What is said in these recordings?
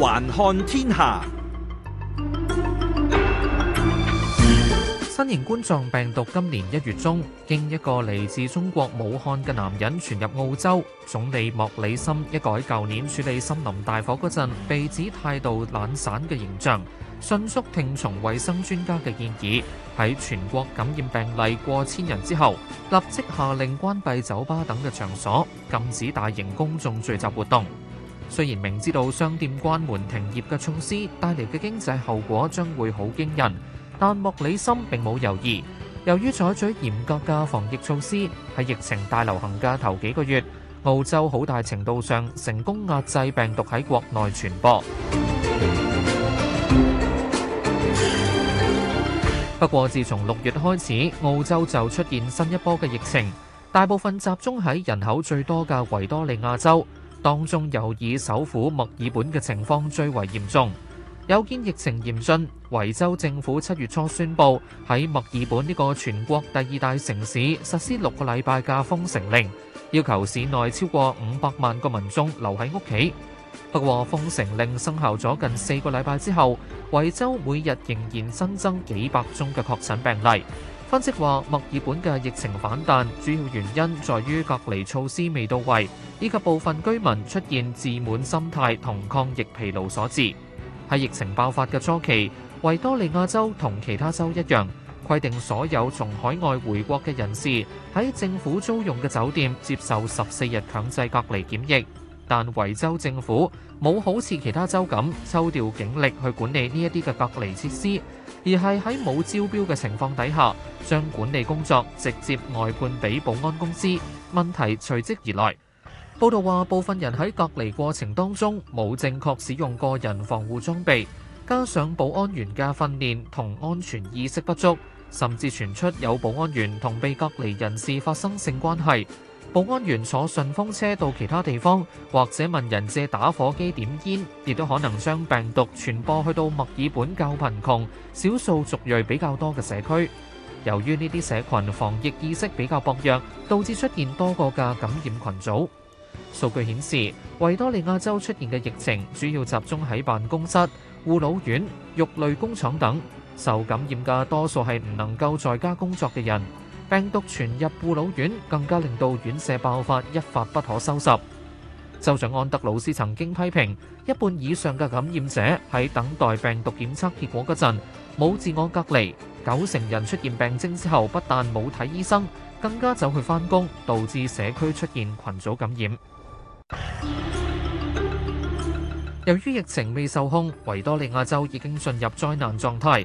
環看天下，新型冠狀病毒今年一月中經一個嚟自中國武漢嘅男人傳入澳洲。總理莫里森一改舊年處理森林大火嗰陣被指態度懶散嘅形象，迅速聽從衛生專家嘅建議，喺全國感染病例過千人之後，立即下令關閉酒吧等嘅場所，禁止大型公眾聚集活動。雖然明知道商店關門停業嘅措施帶嚟嘅經濟後果將會好驚人，但莫里森並冇猶豫。由於採取嚴格嘅防疫措施，喺疫情大流行嘅頭幾個月，澳洲好大程度上成功壓制病毒喺國內傳播。不過，自從六月開始，澳洲就出現新一波嘅疫情，大部分集中喺人口最多嘅維多利亞州。當中又以首府墨爾本嘅情況最為嚴重。有見疫情嚴峻，維州政府七月初宣布喺墨爾本呢個全國第二大城市實施六個禮拜嘅封城令，要求市內超過五百萬個民眾留喺屋企。不過，封城令生效咗近四個禮拜之後，維州每日仍然新增增幾百宗嘅確診病例。分析話，墨爾本嘅疫情反彈，主要原因在於隔離措施未到位，以及部分居民出現自滿心態同抗疫疲勞所致。喺疫情爆發嘅初期，維多利亞州同其他州一樣，規定所有從海外回國嘅人士喺政府租用嘅酒店接受十四日強制隔離檢疫，但維州政府冇好似其他州咁抽調警力去管理呢一啲嘅隔離設施。而係喺冇招標嘅情況底下，將管理工作直接外判俾保安公司。問題隨即而來。報道話，部分人喺隔離過程當中冇正確使用個人防護裝備，加上保安員嘅訓練同安全意識不足，甚至傳出有保安員同被隔離人士發生性關係。保安員坐順風車到其他地方，或者問人借打火機點煙，亦都可能將病毒傳播去到墨爾本較貧窮、少數族裔比較多嘅社區。由於呢啲社群防疫意識比較薄弱，導致出現多個嘅感染群組。數據顯示，維多利亞州出現嘅疫情主要集中喺辦公室、護老院、肉類工廠等，受感染嘅多數係唔能夠在家工作嘅人。病毒傳入護老院，更加令到院舍爆發，一發不可收拾。州長安德魯斯曾經批評，一半以上嘅感染者喺等待病毒檢測結果嗰陣冇自我隔離，九成人出現病徵之後不但冇睇醫生，更加走去返工，導致社區出現群組感染。 由於疫情未受控，維多利亞州已經進入災難狀態。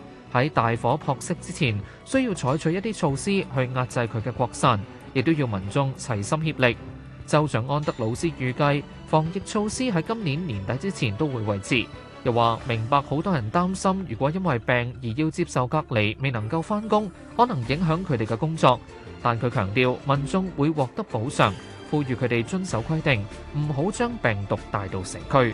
喺大火撲熄之前，需要採取一啲措施去壓制佢嘅擴散，亦都要民眾齊心協力。州長安德魯斯預計防疫措施喺今年年底之前都會維持。又話明白好多人擔心，如果因為病而要接受隔離，未能夠返工，可能影響佢哋嘅工作。但佢強調民眾會獲得補償，呼籲佢哋遵守規定，唔好將病毒帶到城區。